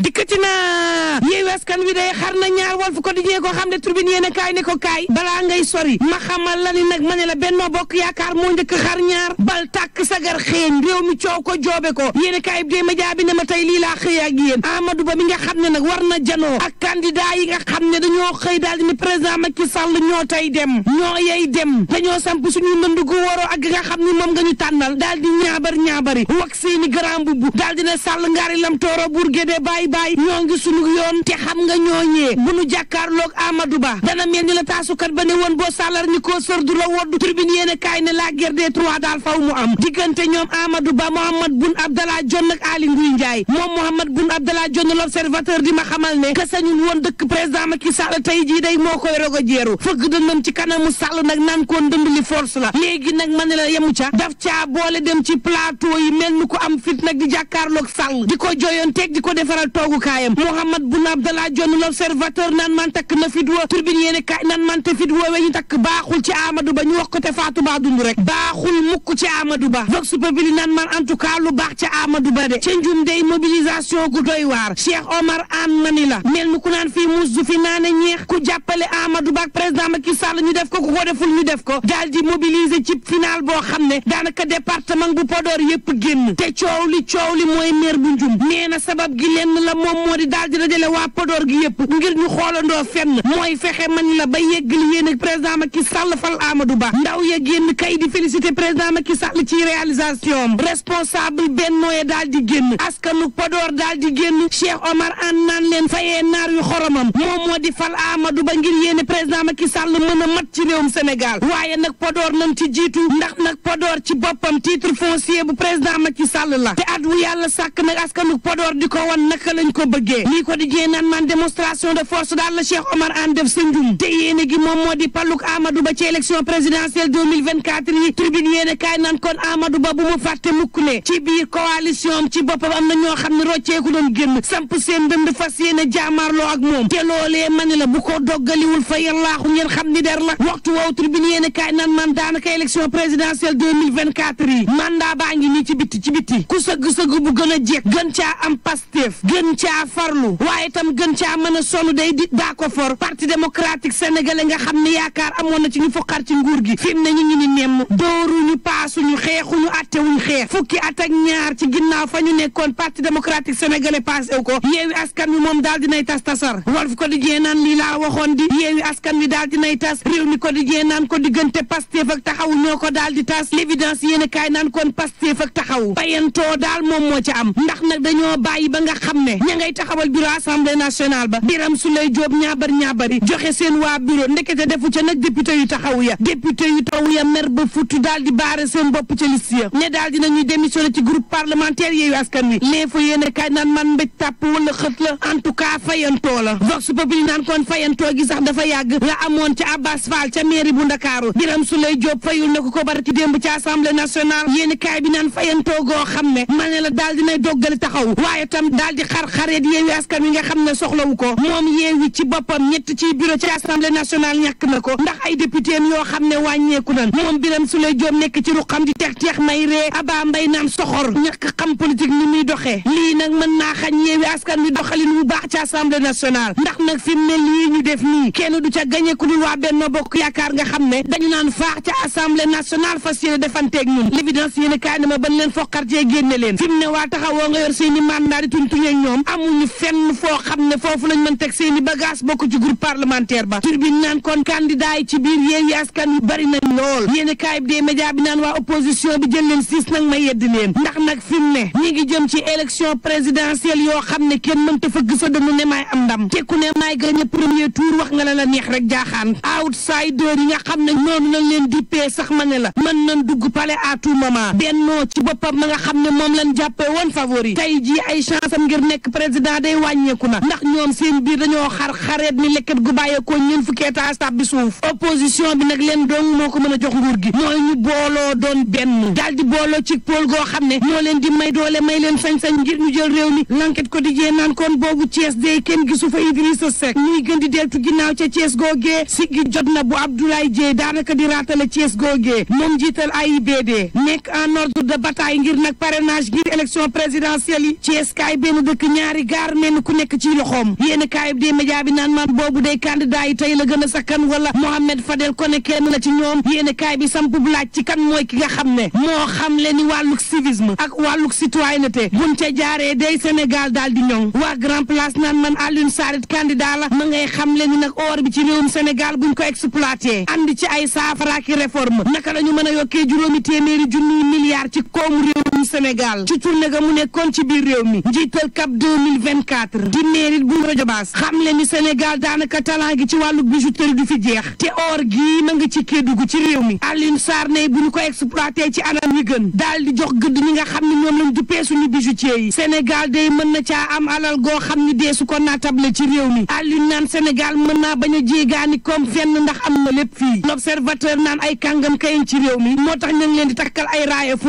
dikkati na yeewu askan wi day xar na ñaar Walf Quotidien koo xam ne tribune yéen a kaay ne ko kaay balaa ngay sori ma xamal la ni nag ma ne la Benno Bokk Yaakaar moo njëkk xar ñaar bal tàkk sagar xeeñ réew mi coow ko joobe ko yéen a kaay bi dee média bi ma tey lii la xëy ak yéen Amadou Ba mi nga xam ne nag war na janoo ak candidat yi nga xam ne dañoo xëy daal di ne président Macky Sall ñoo tey dem ñoo yey dem dañoo samp suñu ndënd gu waroo ak nga xam ne moom nga ñu tànnal daal di ñaabar ñaabari wax seeni grand bubu daal dina sàll ngaari lam ay baay ñoo ngi sunu yoon te xam nga ñooñee bu nu jàkkaarloog Amadou Ba dana mel ni la taasukat ba ne woon boo sàllar ñi koo sër du la wodd tribune yéene kaay ne la guerre des trois daal faw mu am diggante ñoom Amadou Ba Mohamed Boun Abdallah Dionne ak Aly Ngouille Ndiaye moom Mohamed Boun Abdallah Dionne l'observateur di ma xamal ne ka sañul woon dëkk président Macky Sall tey jii day moo koy rogo jeeru fëgg dëndam ci kanamu Sall nag naan koo ndënd li force la léegi nag ma ne la yemu ca daf caa boole dem ci plateau yi mel ni ko am fit nag di jàkkaarloog Sall di ko joyoon teg di ko defaral toogukaayam Mouhamad Boun Abdallah Dionne l'observateur naan man takk na fit wa turbine yéene kaay naan man te fit woowe ñu takk baaxul ci Amadou Ba ñu wax ko te Fatou Ba dund rek baaxul mukk ci Amadou Ba vox populi naan man en tout cas lu baax ci Amadou Ba de ca njum day mobilisation gu doy waar Cheikh Omar Anne mani la mel ni ku naan fii muus du fi naane ñeex ku jàppale Amadou Ba ak président Macky Sall ñu def ko ku ko deful ñu def ko daal di mobiliser ci final boo xam ne daanaka département bu Podor yëpp génn te coow li li mooy maire bu njum nee gi lenn la moom moo di daal di dajale waa Podor gi yëpp ngir ñu xoolandoo fenn mooy fexe man la ba yeggali yéen ak président Macky Sall fal Amadou Ba ndaw ya génn kay di félicité président ki Sall ci réalisation am responsable Benno ya daal di génn askanu Podor daal génn Cheikh Omar an naan leen fayee naar yu xoromam moom moo di fal amadu Ba ngir yéene président ma ki Sall mën a mat ci réewum Sénégal waaye nag Podor nañ ci jiitu ndax nag Podor ci boppam titre foncier bu président Macky Sall la te at wu yàlla sàkk nag askanu Podor di ko lañ ko bëggee lii ko di jee naan man démonstration de force daal la Cheikh Omar Anne def sa njum te yéene gi moom moo di palluk Amadou Ba ci élection présidentielle tribune yéene kaay naan kon Amadou Ba bu mu fàtte mukk ne ci biir coalition ci boppam am na ñoo xam ne rocceeku doon génn samp seen dënd fas yéene jaamaarloo ak moom te loolee ma la bu ko doggaliwul fa yallaaxu ngeen xam ni der la waxtu woow tribune yéene kaay naan man daanaka élection présidentielle 2024 yi baa ngi nii ci bitti a gën caa farlu waaye itam gën caa mën a day di daa ko parti démocratique sénégalais nga xam ne yaakaar amoon na ci ñu foqar ci nguur gi fi mu ne ñu ngi ni nemm dóoruñu paasuñu xeexuñu attewuñu xeex fukki at ak ñaar ci ginnaaw fa ñu nekkoon parti démocratique sénégalais passé wu ko yeewi askan wi moom daal dinay tas tasar Walf Quotidien naan lii laa waxoon di yeewi askan wi daal dinay tas réew mi Quotidien naan ko diggante Pastef ak taxawu ñoo ko daal di tas l'évidence ba nga xam ne ña ngay taxawal bureau assemblée nationale ba biram su lay jóob ñaabar ñaabari joxe seen waa bureau ndekete defu ca nag député yu taxaw ya député yu taxaw ya mer ba futu daal di baare seen bopp ca liste ya ne daal dinañuy la ci groupe parlementaire yeeyu askan wi l'info yéene kaay naan man mbéj tàpp wala xët en tout cas fayantoo la vox populi naan kon fayantoo gi sax dafa yàgg la amoon ca Abbas Fall ca mairie bu ndakaaru biram su lay jóob fayul na ko ko bar ci démb ci assemblée nationale yéene kaay bi naan fayantoo goo xam ne ma ne la daal dinay doggale taxaw waaye tam daal di xar xar-xareet yeewi askan wi nga xam ne soxlawu ko moom yeewi ci boppam ñett ci bureau ci assemblée nationale ñàkk na ko ndax ay député yoo xam ne wàññeeku nan moom Birame Souleye Diop nekk ci ruqam di teex teex may ree aba mbay naan soxor ñàkk xam politique ni muy doxee lii nag mën naa xañ yeewi askan wi doxalin wu baax ci assemblée nationale ndax nag fi mu ne lii ñu def nii kenn du ca gañe ku dul waa Benno Bokk Yaakaar nga xam ne dañu naan faax ca assemblée a na ma ban leen foqartee génne leen fi mu ñoom amuñu fenn foo xam ne foofu lañ mën teg seen i bagage bokk ci groupe parlementaire ba tur bi naan kon candidat yi ci biir yéen yi kan bari nañ lool yéen kaay bi des média bi naan waa opposition bi jël leen siis nag ma yedd leen ndax nag fi ne ñi ngi jëm ci élection présidentielle yoo xam ne kenn mënta fa gësa danu ne maay am ndam te ku ne maay gagné premier tour wax nga la la neex rek jaaxaan outsider yi nga xam ne noonu lañ leen dippee sax ma ne la mën nañ dugg palais tout moment bennoo ci boppam ma nga xam ne moom lañ jàppee woon favori tey jii ay chance am nekk président day wàññeeku na ndax ñoom seen biir dañoo xar xareet ni lekkat gu bàyyeekoo ñeen fukki étage tab bi suuf opposition bi nag leen dong moo ko mën a jox nguur gi mooy ñu booloo doon benn daal di booloo ci pôle goo xam ne ñoo leen di may doole may leen sañ-sañ ngir ñu jël réew mi l'enquête quotidien naan kon boobu Thiès day kenn gisu fa Idrissa Seck ñuy gën di deltu ginnaaw ca Thiès googee siggi jot na bu Abdoulaye Dieye daanaka di raatale Thiès googee moom jiital AIBD nekk en ordre de bataille ngir nag parrainage ngir élection présidentielle yi Thiès kaay benn takk ñaari gaar mel ni ku nekk ci loxoom yéen kaayub dee média bi naan man boobu day candidat yi tey la gën a sakkan wala Mohamed Fadel Koné kenn la ci ñoom yéen kaay bi samp bu laaj ci kan mooy ki nga xam ne moo xam le ni wàlluk civisme ak wàlluk citoyenneté buñ ca jaaree day Sénégal daal di ñoŋ waa grand place naan man Alioune Sarr it candidat la ma ngay xam le ni nag or bi ci réewum Sénégal buñ ko exploité andi ci ay saafaraaki réforme naka la ñu mën a yokkee juróomi téeméeri junniy milliards ci koomu am Sénégal ci tournée ga mu nekkoon ci biir réew mi njiital CAP 2024 di mairie bu Rajo Baas xam le ni Sénégal daanaka talent gi ci wàllu bijouterie du fi jeex te or gi ma nga ci Kédougou ci réew mi Alioune Sarr ne bu ñu ko exploité ci anam wi gën daal di jox gëdd ñi nga xam ne ñoom lañ duppee ñu bijoutier yi Sénégal day mën na caa am alal goo xam ni deesu kon ko naatable ci réew mi Alioune naan Sénégal mën naa bañ a jéegaani comme fenn ndax am na lépp fii l'observateur naan ay kàngam kayin ci réew mi moo tax ñu leen di takkal ay raaya fu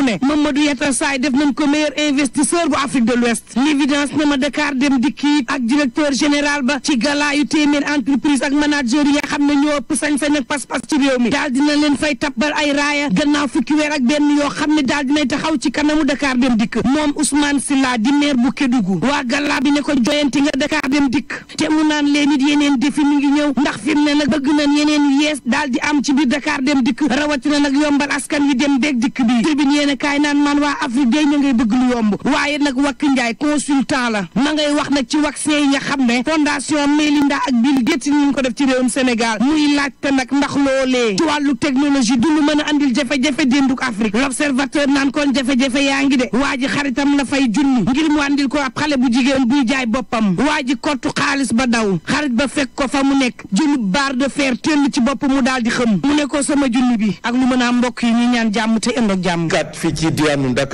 saay def nañ ko meilleur investisseur bu Afrique de l'Ouest l'évidence ne ma Dakar dem dikki ak directeur général ba ci galaayu téeméer entreprise ak manager yi nga xam ne ñoo ëpp sañ-sañ ak pas-pas ci réew mi daal dina leen fay tabbal ay raaya gannaaw fukki weer ak benn yoo xam ne daal dinay taxaw ci kanamu Dakar dem dikk moom Ousmane Sylla di maire bu Kédougou waa galaa bi ne ko joyanti a Dakar dem dikk te mu naan leen it yeneen defi mi ngi ñëw ndax fi mu ne nag bëgg nañ daal am ci biir Dakar dem dikk rawatina nag yombal askan wi dem beeg dikk bi tribune yéen a fi day ña ngay bëgg lu yomb waaye nag Wack Ndiaye consultant la nangay wax nag ci vaccin yi nga xam ne fondation Melinda ak Bill Gates ñu ko def ci réewum Sénégal muy laajte nag ndax loolee ci wàllu technologie du lu mën a indil jafe-jafe dénduk Afrique l'observateur naan kon jafe-jafe yaa ngi de waa ji xaritam na fay junni ngir mu andil ko ab xale bu jigéen buy jaay boppam waa ji kottu xaalis ba daw xarit ba fekk ko fa mu nekk junni barre de fer tëll ci bopp mu daal di xëm mu ne sama junni bi ak lu mën a mbokk yi ñu ñaan jàmm te ënd ak jàmm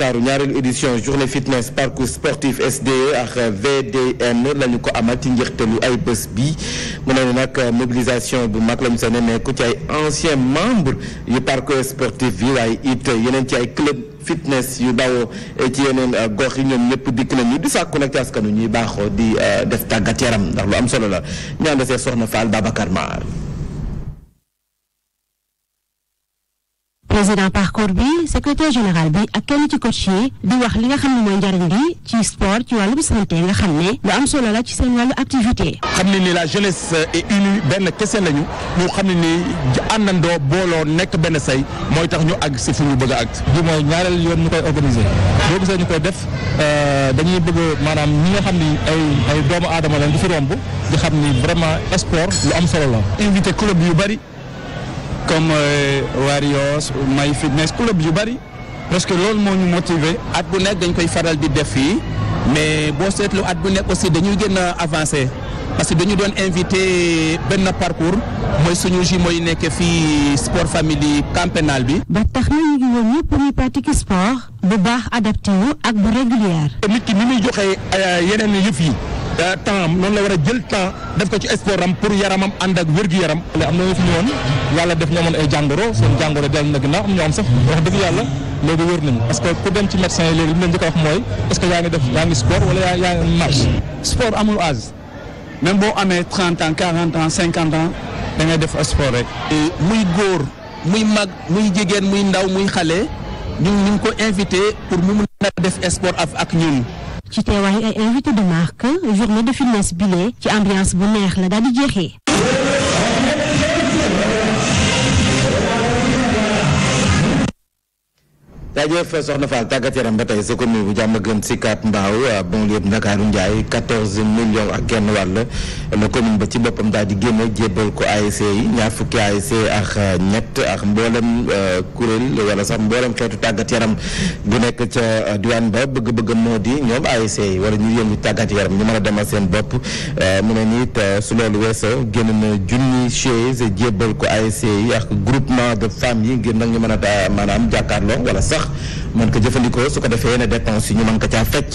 ndakaaru ñaareelu édition journée fitness parcours sportif SDE ak VDN la ñu ko amal ci njëxtalu ay bés bi mu ne nag mobilisation bu mag la ñu sa nemmeeku ci ay anciens membres yu parcours sportif bi waaye it yeneen ci ay club fitness yu bawoo ci yeneen gox yi ñoom ñëpp dikk nañu di sàkku nag ci askanu ñuy baaxoo di eh, def tàggat yaram ndax lu am solo la ñaan da see soxna Fall Babacar Maar président parcours bi secrétaire général bi ak kenn ci coach yi di wax li nga xam ne mooy njariñ bi ci sport ci wàllum santé nga xam ni lu am solo la ci seen wàllu activité. xam ne ni la jeunesse euh, est unie benn kese lañu ñu xam ne ni àndandoo booloon nekk benn say mooy tax ñu àgg si fu ñu bëgg a àgg. bi mooy ñaareel yoon ñu koy organiser boo gisee ñu koy def euh, dañuy bëgg maanaam ñi nga xam ni ay doomu aadama lañ di fi romb di xam ni vraiment sport lu am solo la. invité club yu bari. comme euh, Warriors My Fitness club yu bëri parce que loolu moo ñu motiver at bu nekk dañ koy faral di def fii mais boo seetlu at bu nekk aussi dañuy gën a avancer parce que dañu doon invité benn parcours mooy suñu ji mooy nekkee fii sport famille campénal bi. ba tax na ngi woon ñëpp ñuy pratique sport bu baax adapté wu ak bu régulière. nit ki ni muy joxe euh, yeneen yëf yi. Euh, temps am noonu la war a jël temps def ko ci sport am pour yaramam ànd ak wér-gu-yaram. am na ñu fi ñëwoon yàlla def ñu amoon ay jàngoro seen jàngoro dellu na ginnaaw am ñu sax wax dëgg yàlla léegi wér nañu parce que ku dem ci médecin léegi li mu leen njëkk a wax mooy est-ce que yaa ngi def yaa ngi sport wala yaa yaa ngi marche. sport amul âge même boo amee 30 ans 40 ans 50 ans dangay def sport rek. muy góor muy mag muy jigéen muy ndaw muy xale ñu ñu ko invité pour mu mën a def sport ak ñun. ci teewaay ay invité de marque journée de finesse bile ci ambiance bu neex la daal di jaajëf soxna Fall tàggat yaram ba tey sa commune bu jàmm gën Sicap Mbao euh, bon lieu Ndakaaru Ndiaye 14 millions ak genn wàll la commune ba ci boppam daal di génne jébbal ko ASC yi ñaar fukki ASC ak euh, ñett ak mboolem euh, kuréel wala sax mboolem xeetu tàggat yaram bu nekk ca diwaan ba bëgg-bëgg moo di ñoom ASC yi wala ñu yëngu tàggat yaram ñu mën a demal seen bopp mu ne nii it su loolu weesoo génn na junni chaise jébbal ko ASC yi ak groupement de femmes yi ngir mën a maanaam jàkkaarloo baax mën ko jëfandikoo su ko defee ne dépense yi ñu mën ko caa fecc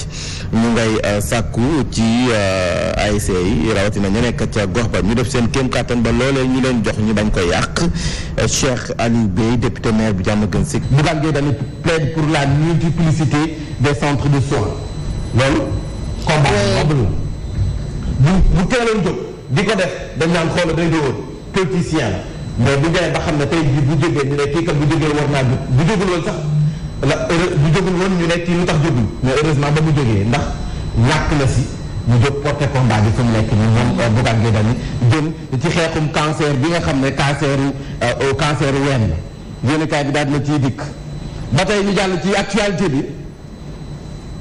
mu ngay euh, sàkku ci euh, ASC yi rawatina ñu nekk ca gox ba ñu def seen kéem kattan ba loolee ñu leen jox ñu bañ koy yàq euh, Cheikh Aliou Bey député maire bu jàmm gën si Bougane Gueye Dany plaide pour la multiplicité des centres de soins loolu combat boobu bu bu teeloon di ko def dañ naan xoola day doon politicien mais bu demee ba xam ne tey jii bu jógee ñu ne kii kat bu jógee war naa jóg bu jógul sax la heure bu jógul woon ñu nekk ci lu tax jógul mais heureusement ba mu jógee ndax ñàkk la si ñu jóg porté combat bi fu mu nekk nii moom euh, Bougane Gueye Dany jëm ci xeexum cancer bi nga xam ne canceru euh, canceru ween la yéenekaay bi daal na ciy dikk ba tey ñu jàll ci actualité bi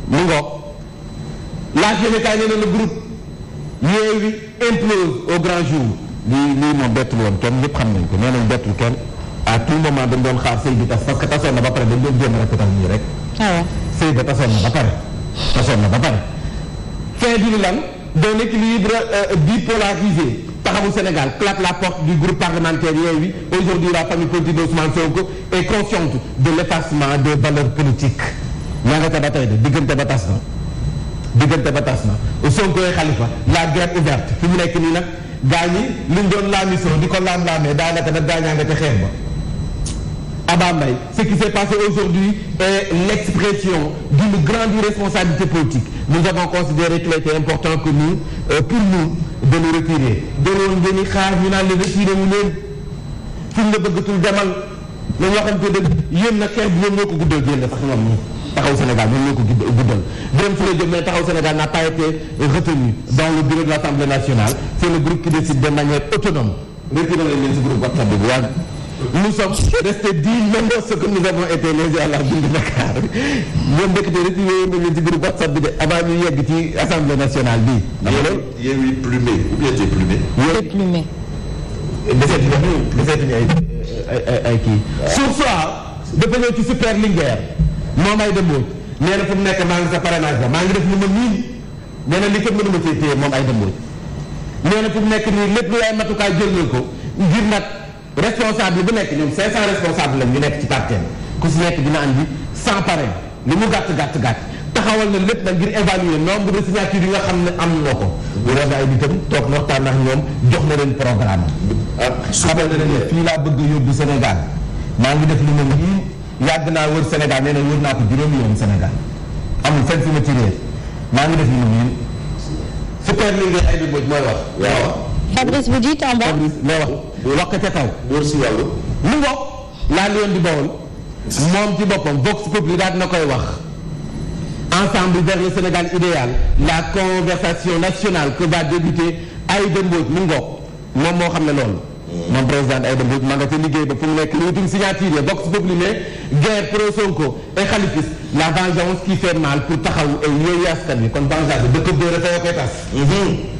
mu ngoog laaj yéenekaay nee na le groupe Yewwi implose au grand jour lii lii moom bettul woon kenn ñëpp xam nañ ko nee nañ bettul à tout moment dañ doon xaar sëy bi tas parce que tasoon na ba pare dañ doon jéem a répétal nii rek. waaw ah na ba pare tasoon na ba pare. fin bi lan d'un équilibre euh, bipolarisé taxawu Sénégal claque la porte du groupe parlementaire Yewwi aujourd'hui la famille politique d'Ousmane Sonko est consciente de l'effacement des valeurs politiques. yaa nga ca ba tey de diggante ba tas na diggante ba tas na Sonko Khalifa la guerre ouverte fi mu nekk nii nag gaañ yi luñ doon laamisoo di ko laam-laamee Baba Mbaye ce qui s'est passé aujourd'hui est l'expression d'une grande irresponsabilité politique nous avons considéré qu'il était important que nous euh, pour nous de nous retirer jëloon ngeen i xaar ñu naan le de wu leen fu ñu la bëggatul demal la ñoo xam te dëgg yéen nag xeex bi ñoom ñoo ko guddal génn sax ñoom ñi taxaw Sénégal ñoom ñoo ko guddal dem fu la jëm taxaw Sénégal n'a pas été retenu dans le bureau de l'Assemblée nationale nous sommes restés dignes même lorsque nous avons été lésés à la ville de Dakar ñoom ndekete retiré woon nañu WhatsApp bi de avant ñu yegg ci assemblée nationale bi. ndax loolu yéen ñi plumé ou bien c'est plumé. yéen plumé. deseetuñu ay ay ay kii. sur soit dafa ñëw ci super Linguère moom ay dëmboo nee na fu mu nekk maa ngi sa parrainage ba maa ngi def lu ma miin nee na li ko mënuma cee téye moom ay dëmboo nee na fu mu nekk nii lépp lu ay matukaay jël nañ ko ngir nag. responsable bi nekk ñoom 500 responsable lañ ñu nekk ci parti ku si nekk dina andi 100 parrain li mu gàtt gàtt gat taxawal na lépp nag ngir évaluer nombre de signature yi nga xam ne am na ko. bu rafet ay nitam toog waxtaan ak ñoom jox na leen programme am. xamal na leen fii laa bëgg a yóbbu maa ngi def li ma nii yàgg naa wër Sénégal nee na wër naa ko juróomi yoon senegal amul fenn fi ma maa ngi def li ma nii. super liggéey ay mooy wax. Fabrice bu jiite en bas la loo wax. wax ko ca kaw. wóor si yàlla. mu ngoog laa lion di Bawol moom ci boppam Vox Populi daal koy wax. ensemble vers Sénégal idéal la conversation nationale que va débuter Aïda Mbodj moo xam ne loolu. Mm. mon président Aïda Mbodj maa nga ca liggéey ba fu mu nekk li wutum signature Vox Populi ne guerre pro et xalifis la vengeance qui fait mal pour taxaw yeewu askan wi kon vengeance dëkk bu dëkk boobu dafay koy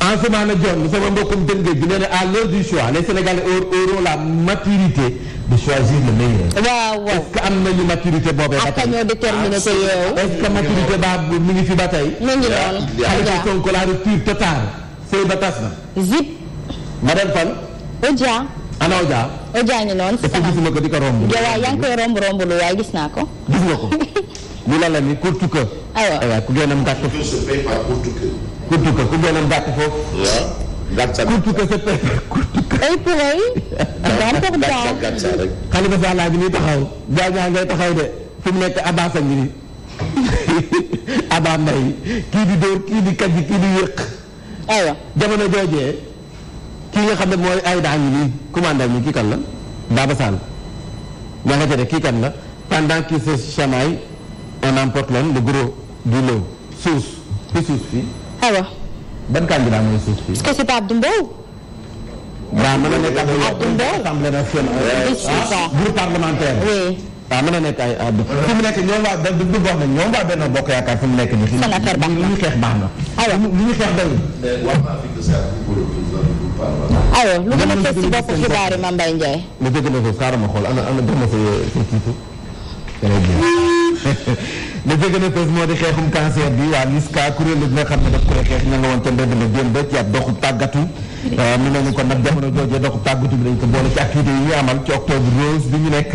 en ce moment nag John sama mbokkum dëngëj bi nee na à l'heure du choix les Sénégalais auront la maturité de choisir le meilleur. waaw waaw est que am nañu maturité boobee ba tey ah, est que maturité baa mi ngi fi ba tey. mi ngi lool Khalifa Sonko la rupture totale sëy ba tas na. zip. madame Fall. Oja. ana Oja. Oja ñu noonu. sama gisuma ko di ko romb. waaw yaa ngi koy romb romb lu waaye gis naa ko. gis nga ko. lu la la ni ku gën a mu gàtt. se paie par kurtuka ku gënoon gàtt foofu. waaw gàttal kurtuka rek. Xalifa Sall a ngi nii taxaw jaajaa ngay taxaw de fu mu nekk Abass a ngi nii Aba Mbaye kii di dóor kii di kàjj kii di yëq. aywa jamono joojee kii nga xam ne mooy ay daa ngi nii commandant mi kii kan la Baba Sall maa nga jëlee kii kan la pendant qu'il se chamaille on emporte le gros du lot suus fi suus fii. awa. ban candidat mooy suuf si. est-ce que c'est pas Abdou Mbow. waaw mën na nekk Abdou Mbow assemblée nationale ah, groupe parlementaire. oui. waaw ah, mën na nekk ay Abdou. fi mu nekk ñoom waa da du wax na ñoom waa Benno Bokk Yaakaar fi mu nekk nii. seen affaire baax na li ñu xeex baax na. awa li ñu xeex doyul. awa lu gën a fës ci bopp xibaar yi Mame Mbaye Ndiaye. ma jóge na ko xaaral ma xool ana ana jox ma sa sa titre. la ca gën a fës moo di xeexum cancer bi waa LISCA kuréel bi nga xam ne daf koy xeex ña nga woon ca mbedd tàggatu euh, kon nag jamono joojee doxu bi dañ ko boole ci activité yi ñuy amal ci octobre rose bi ñu nekk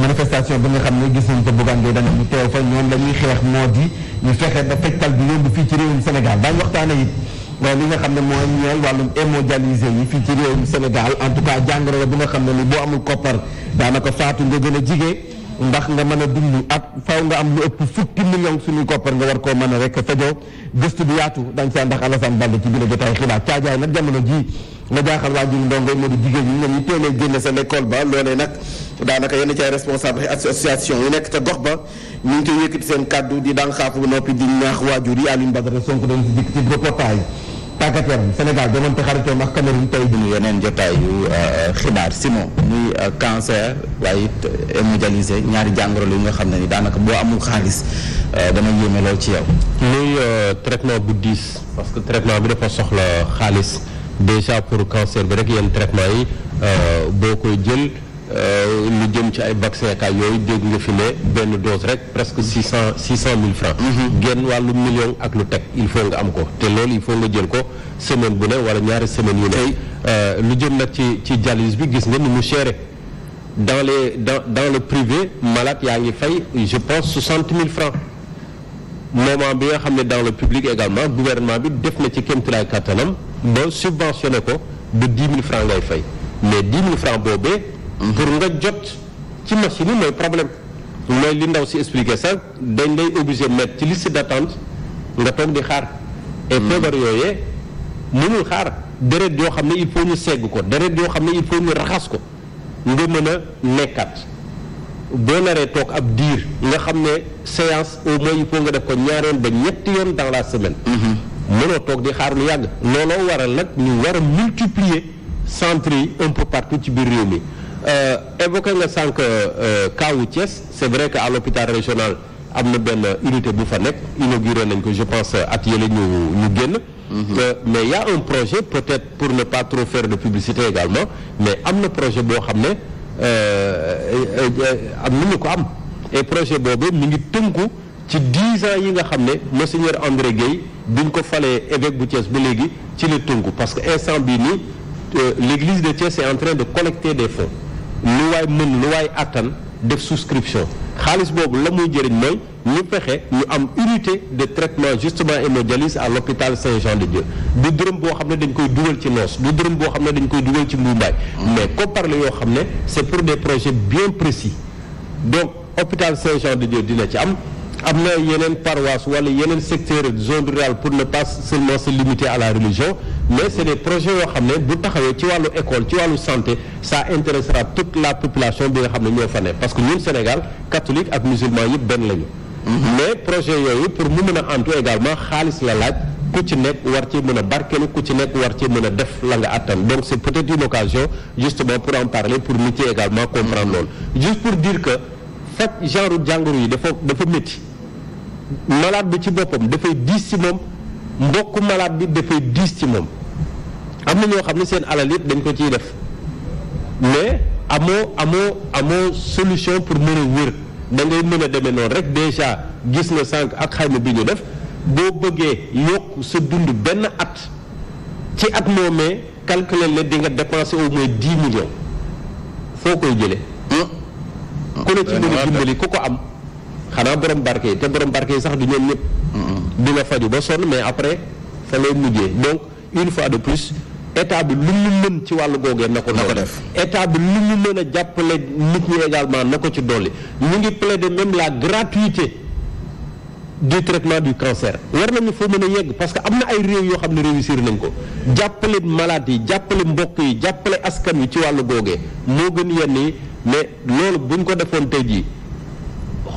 manifestation bi nga xam ne gis nañ ko bëggaan ngay dana ñu teew fa ñoom la ñuy bi fii ci réewum Sénégal daañu waxtaane it euh, li nga xam ne mooy ñeel wàllum hémodialysé yi fii ci réewum Sénégal en tout cas jàngoro la bi nga xam ne ni boo amul koppar daanaka faatu nga gën a jigee ndax nga mën a dund ak faw nga am lu ëpp fukki million suñuy koppar nga war koo mën a rek fajoo gëstu bi yaatu dañ ci ndax Alassane Baldé ci biir a xibaar caajaay nag jamono jii la jaaxal waajur ndongo moo di jigéen ñi ñoom ñu teelee génne seen école ba loolee nag daanaka yenn ci ay responsable association yu nekk ca gox ba ñu ngi koy yëkkati seen kàddu di daan xaafu noppi di ñaax waajur yi Alioune Badara Sonko dañ si dikk ci reportage tàggat yaram Sénégal doonante xaritoom ak Cameroun tey jii. yeneen jotaay yu euh, xibaar sinon muy euh, cancer waaye it euh, hémodialysé ñaari jàngoro yu nga xam ne daanaka boo amul xaalis dana yéeme lool ci yow. muy traitement bu diis parce que traitement bi dafa soxla xaalis déjà pour cancer bi rek yenn traitement yi boo koy jël. Euh, lu jëm ci ay vaccin kaay yooyu dégg nga fi ne benn dose rek presque six cent six cent mille francs mhm. genn wàllu million ak lu teg il faut nga am ko te loolu il faut nga jël ko semaine bu ne wala ñaari semaine yu ne euh, lu jëm nag ci ci dialyse bi gis nga ni mu chéré dans les dans dans le privé malade yaa ngi fay je pense soixante mille francs moment bi nga xam ne dans le public également gouvernement bi def na ci kéemtulaay kattanam ba subventionné ko ba dix mille francs ngay fay pour nga jot ci machine yi mooy problème mooy li ndaw si expliqué sax dañ lay obligé mettre ci liste d'attente nga toog di xaar et hmm. feebar yooyee mënul xaar deret yoo xam ne il faut ñu segg ko deret yoo xam ne il faut ñu raxas ko nga mën a nekkaat boo naree toog ab diir nga xam ne séance au moins il faut nga def ko ñaareel ba ñetti yoon dans la semaine hmm. mënoo toog di xaar lu yàgg looloo waral nag ñu war a multiplier centres yi un peu ci biir réew mi Euh, évoqué nga sànq euh, kawu Thiès c'est vrai que à l'hôpital régional am na benn unité bu fa nekk inauguré nañ ko je pense at yële ñu ñu génn. Mhm. Euh, mais y a un projet peut-être pour ne pas trop faire de publicité également mais am na projet boo xam ne am na ñu ko am et projet boobu mu ngi tënku ci dix ans yi nga xam ne monseigneur André Guèye bi ko falee évêque bu Thiès ba léegi ci la tënku parce que instant bi nii l'église de Thiès est en train de collecter des fonds. lu waay mën lu waay attan def souscription xaalis boobu la muy jëriñ mooy ñu fexe ñu am unité de traitement justement hémodialyse à l'hôpital Saint-Jean-de-Dieu du dërëm boo xam ne dañ koy dugal ci noos du dërëm boo xam ne dañ koy dugal ci mbuumbaay mais koppar la yoo xam ne c'est pour des projets bien précis donc hôpital Saint-Jean-de-Dieu dina ci am am na yeneen paroisse wala yeneen secteur zone rurale pour ne pas seulement se à la religion mais c'est des projets yoo xam ne bu taxawee ci wàllu école ci wàllu santé ça intéressera toute la population bi nga xam ne ñoo fa ne parce que ñun Sénégal catholique ak musulman yëpp benn lañu mhm. mais projet yooyu pour mu mën a antu également xaalis la laaj ku ci nekk war ci mën a barkeelu ku ci nekk war ci mën a def la nga àttan donc c'est peut-être une occasion justement pour en parler pour nit yi que faj genre jàngoro yi dafa dafa métti malade bi ci boppam dafay diis ci moom mbokku malade bi dafay diis ci moom am na ñoo xam ne seen alal yëpp dañ ko ciy def mais amoo amoo amoo solution pour mën a wér da ngay mën a demee noonu rek déjà gis nga cinq ak xayma bi ñu def boo bëggee yokk sa dund benn at ci at moomee calculer ne di nga dépenser au moins dix millions foo koy jëlee. Hmm? ku la ci mën a ku ko am. xanaa borom barke yi te borom barke yi sax du ñoom ñëpp. dina faju ba sonn mais après fa lay mujjee donc une fois de plus état bi lu mu mën ci wàllu googee na ko. def état bi lu mu mën a jàppale nit ñi également na ko ci dolli ñu ngi plaider même la gratuité du traitement du cancer. war nañu foo mën a yegg parce que am na ay réew yoo xam ne réussir nañ ko jàppale malade yi jàppale mbokk yi jàppale askan wi ci wàllu googee moo gën yenn yi mais loolu buñ ko defoon tey jii.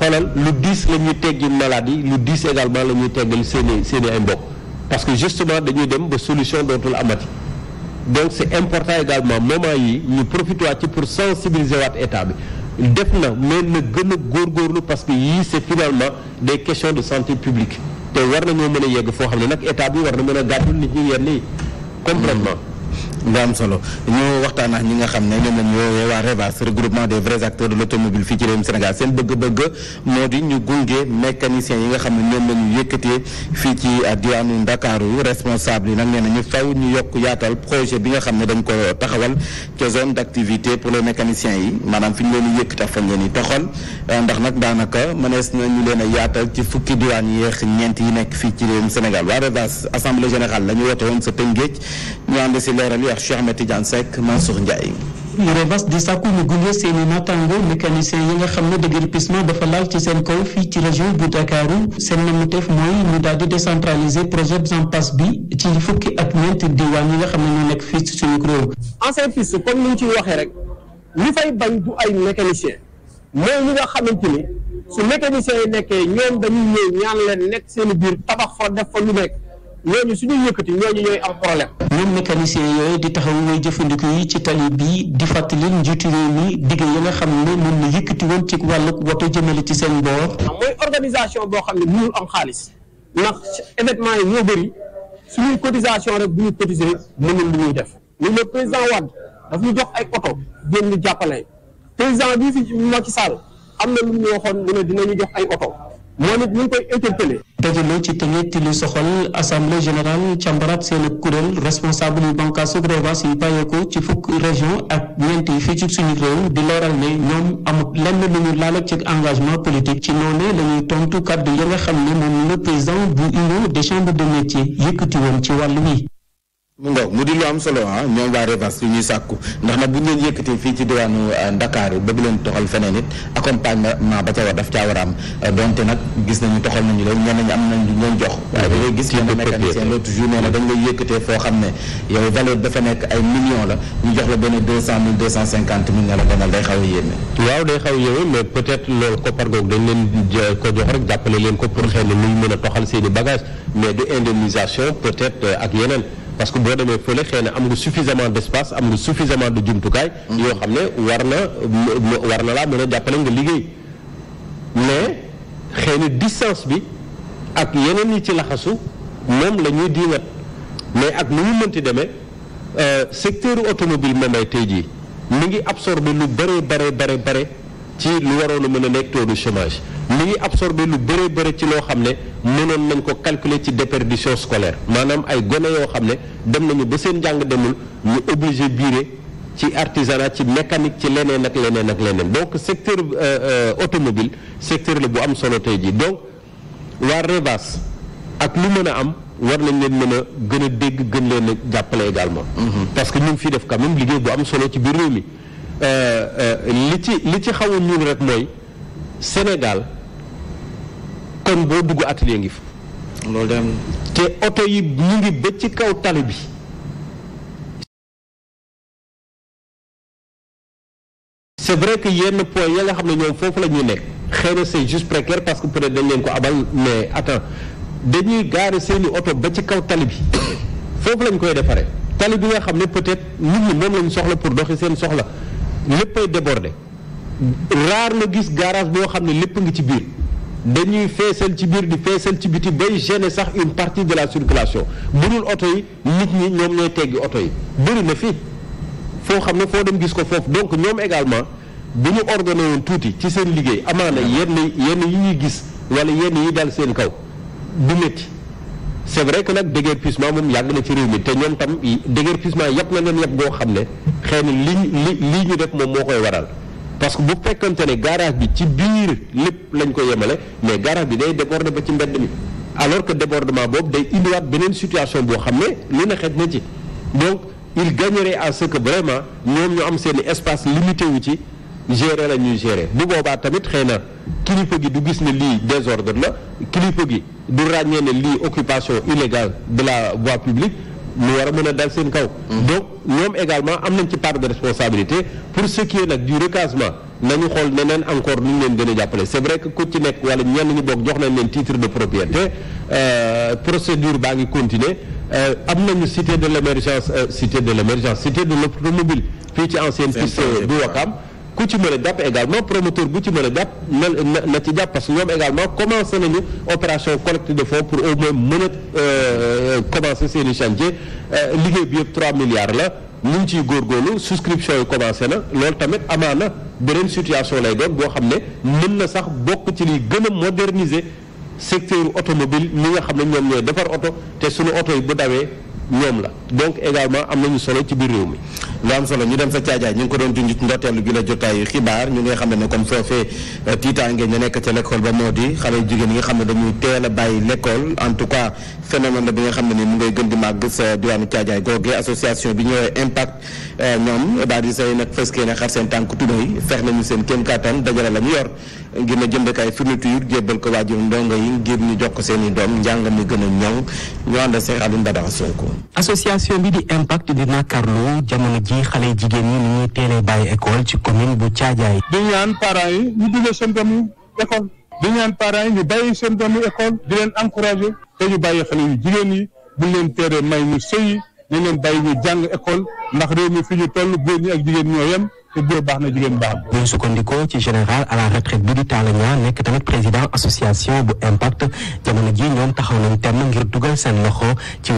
xoolal lu diis la ñuy teggi malade yi lu diis également la ñuy teggal seeni seeni ay mbokk parce que justement dañuy dem ba solution dootul amati donc c'est important également moment yi ñu profité waat ci pour sensibiliser waat état bi def na mais na gën a góorgóorlu parce que yii c'est finalement des questions de santé publique te war nañoo mën a yegg foo xam ne nag état bi war na mën a gàddul nit ñi yenn yi nga am solo ñu waxtaan ak ñi nga xam ne ñoom la ñu woowee waa REVAS regroupement des vrais acteurs de l'automobile fii ci réewum Sénégal seen bëgg-bëgg moo di ñu gunge mécaniciens yi nga xam ne ñoom la ñu yëkkatee fii ci euh, diwaanu Ndakaaru responsable yi nag nee na ñu faw ñu yokk yaatal projet bi nga xam ne dañ ko taxawal ca zone d'activité pour les mécaniciens yi maanaam fi ñu leen di yëkkati ak fa ñu leen di toxal euh, ndax nag daanaka mënees na ñu leen a yaatal ci fukki diwaan yeex ñeent yi nekk fii ci réewum Sénégal waa REVAS assemblée générale la ñu woote woon sa Tëngéej ñu Cheikh Cheikh Ahmed Tidiane Seck Mansour i naataango mécanicien yi nga xam ne déguerpissement dafa laal ci seen kaw fii ci région bu Dakaaru seen namuteef mooy ñu daal di décentraliser projet Zampas bi ci fukki ak ñeent diwaan yi nga xam ne ñu nekk fii ci suñu réew. ancienne piste comme ni ñu ciy waxee rek li fay bañ du ay mécanicien mooy ñi nga xamante ni su mécanicien yi nekkee ñoom dañuy ñëw ñaan leen nekk seen biir tabax fa def fa lu nekk. ñooñu suñuy yëkkati ñooñu ñooy am problème. ñoom mécanicien yooyu di taxaw ñooy jëfandikoo yi ci tali bii di fàttali njiitu réew mi digg yi nga xam ne moom la yëkkati woon ci wàll wàllu woto jëmale ci seen boor. mooy organisation boo xam ne mënul am xaalis ndax événement yi ñoo bëri suñuy cotisation rek bu ñu cotiser mënul lu ñuy def ñu le président Wade daf ñu jox ay oto génn jàppale président bii fi Macky Sall am na lu ñu waxoon mu ne dinañu jox ay oto. moom it ñu koy interpellé. dajaloo ci tamit lu soxal assemblée générale càmbaraat seen kuréel responsable yu bànqaasu REVAS yi bàyyeekoo ci fukk région ak yi fii ci suñu réew di leeral ne ñoom amut lenn lu ñu laale ci engagement politique. ci noonu la tontu kàddu ya nga xam ne moom la président bu union des chambres de métiers yëkkati woon ci wàll wi. mu ngaw mu di lu am solo ah ñoom waa Revas yu sàkku ndax nag bu ñu leen yëkkatee fii ci diwaanu ah, Dakar bëgg leen toxal feneen it accompagnement a am euh, gis nañu toxal nañu leen ñenn ñi am nañ lu ñu leen jox. waaye da ngay gis yenn mécanicien la toujours nee na dañ lay yëkkatee foo xam ne yow valeur dafa nekk ay millions la ñu jox la benn deux cinquante mille ne la demal day xaw a yéeme. waaw day xaw a mais peut-être loolu koppar googu dañ leen euh, ko jox rek jàppale leen ko pour xëy na ñu mën a toxal seen i bagages mais de indemnisation peut-être euh, ak yeneen parce que boo demee fële xëy na am nga suffisamment d' espace am nga suffisamment de jumtukaay. yoo xam ne war na war na laa mën a jàppale nga liggéey mais xëy na distance bi ak yeneen yi ci laxasu moom la ñuy diingat mais ak nu mu mënti demee euh, secteur automobile moom ay tey jii mu ngi absorber lu bëree bare bare bare ci lu waroon mën a nekk taux de chômage mi ngi absorber lu bëree bëri ci loo xam ne. mënoon nañ ko calculer ci déperdition scolaire maanaam ay gone yoo xam ne dem nañu ba seen njàng demul ñu obligé biire ci artisanat ci mécanique ci leneen ak leneen ak leneen donc secteur euh, euh, automobile secteur la bu am solo tey jii donc waa Revas ak lu mën a am war nañ leen mën a gën a dégg gën leen a jàppale également. Mm-hmm. parce que ñu ngi fiy def quand même liggéey bu am solo ci biir réew mi euh, li ci li ci xaw a ñuul rek mooy Sénégal. koñ boo dugg atelier ngi fa. loolu dem te yi ñu ngi ba ci kaw tali bi. c'est vrai que yenn point ya nga xam ne ñoom foofu la ñuy nekk se na c'est précaire parce que peut-être dañ leen ko abal mais attends dañuy gaare seeni oto ba ci kaw tali bi foofu lañ koy defaree tali bi nga xam ne peut-être nit moom lañ soxla pour doxi seen soxla léppay déborder raar nga gis garage boo xam ne lépp ngi ci biir. dañuy feesal ci biir di feesal ci biti bay gêner sax une partie de la circulation bu dul oto yi nit ñi ñoom ñooy teggi oto yi bëri na fii foo xam ne foo dem gis ko foofu donc ñoom également bu ñu ordonné woon tuuti ci seen liggéey amaana yenn yenn yi ñuy gis wala yenn yi dal seen kaw du métti c'est vrai que nag déguerpissement moom yàgg na ci réew mi te ñoom tam déguerpissement yëpp na leen yëpp goo xam ne xëy na li li ñu def moom moo koy waral parce que bu fekkante ne garage bi ci biir lépp lañ ko yemale mais garage bi day déborder ba ci mbedd mi alors que débordement boobu day indiwaat beneen situation boo xam ne lu ne xet na ci donc il gagnerait à ce que vraiment moom ñu am seen espace limité wu ci gérer la ñuy gérer bu boobaa tamit xëy na kilifa gi du gis ne lii désordre na kilifa gi du ràññee ne lii occupation illégale de la voie publique lu war a mën a dal seen kaw. Mm-hmm. donc ñoom également am nañ ci part de responsabilité pour ce qui est nag du recasement nañu xool neneen encore nu leen gën a jàppale c' est vrai que ku ci nekk wala ñenn ñu bokk jox nañ leen titre de propriété euh, procédure baa ngi continuer euh, am na nañu cité de l' émergence euh, cité de l' émergence cité de l' automobile fii ci ancienne piste bu Wakam ku ci mën a jàpp également promoteur bu ci mën a jàpp na na ci jàpp parce que ñoom également commencé nañu opération collecte de fonds pour au moins mën a euh, commencé seen i chantier euh, liggéey bi yëpp 3 milliards la ñu ngi ciy góorgóorlu souscription yi commencé na loolu tamit amaana beneen situation lay doon boo xam ne mën na sax bokk ci liy gën a moderniser secteur automobile mi nga xam ne ñoom ñooy defar oto te suñu oto yi bu dawee ñoom la donc également am na nañu solo ci biir réew mi lu am solo ñu dem sa caajaay ñu ngi ko doon junj ci ndorteelu bi la jotaayu xibaar ñu ngay xam ne ne comme foofee euh, tiitaange nekk ca moo di xale jigéen yi nga xam ne dañuy teel a bàyyi l'école en tout cas phénomène la bi nga xam ne ni mu ngay gën di màgg sa diwaanu caajaay googee association bi ñëwee impact euh, ñoom daal di say nag fëskee ne xar seen tànk tubay fex nañu seen kéem kattan dajale la yor ngir na jënd kay fourniture jébbal ko waajur ndongo yi ngir ñu jox ko seen i doom njàng mi gën a ñoŋ ñu ànd Cheikh Aliou Mbadara Sonko. association bi di impact di nakarlu jamono ji xale jigéen ñi ni ñuy teelee bàyyi école ci commune bu Thiadiaye. di ñaan parents yi ñu dugal seen doom yi école di ñaan parents yi ñu bàyyi seen doom yi école di leen encouragé te ñu bàyyi xale yu jigéen yi buñ leen teeree may ñu sëyi ñu leen bàyyi ñu jàng école ndax réew fi ñu toll góor ñi ak jigéen ñoo yem te góor baax na jigéen baax na. bu ñu sukkandikoo ci général à la retraite bi di Talla Niang nekk tamit président association bu impact jamono ji ñoom taxaw temm ngir dugal seen loxo ci.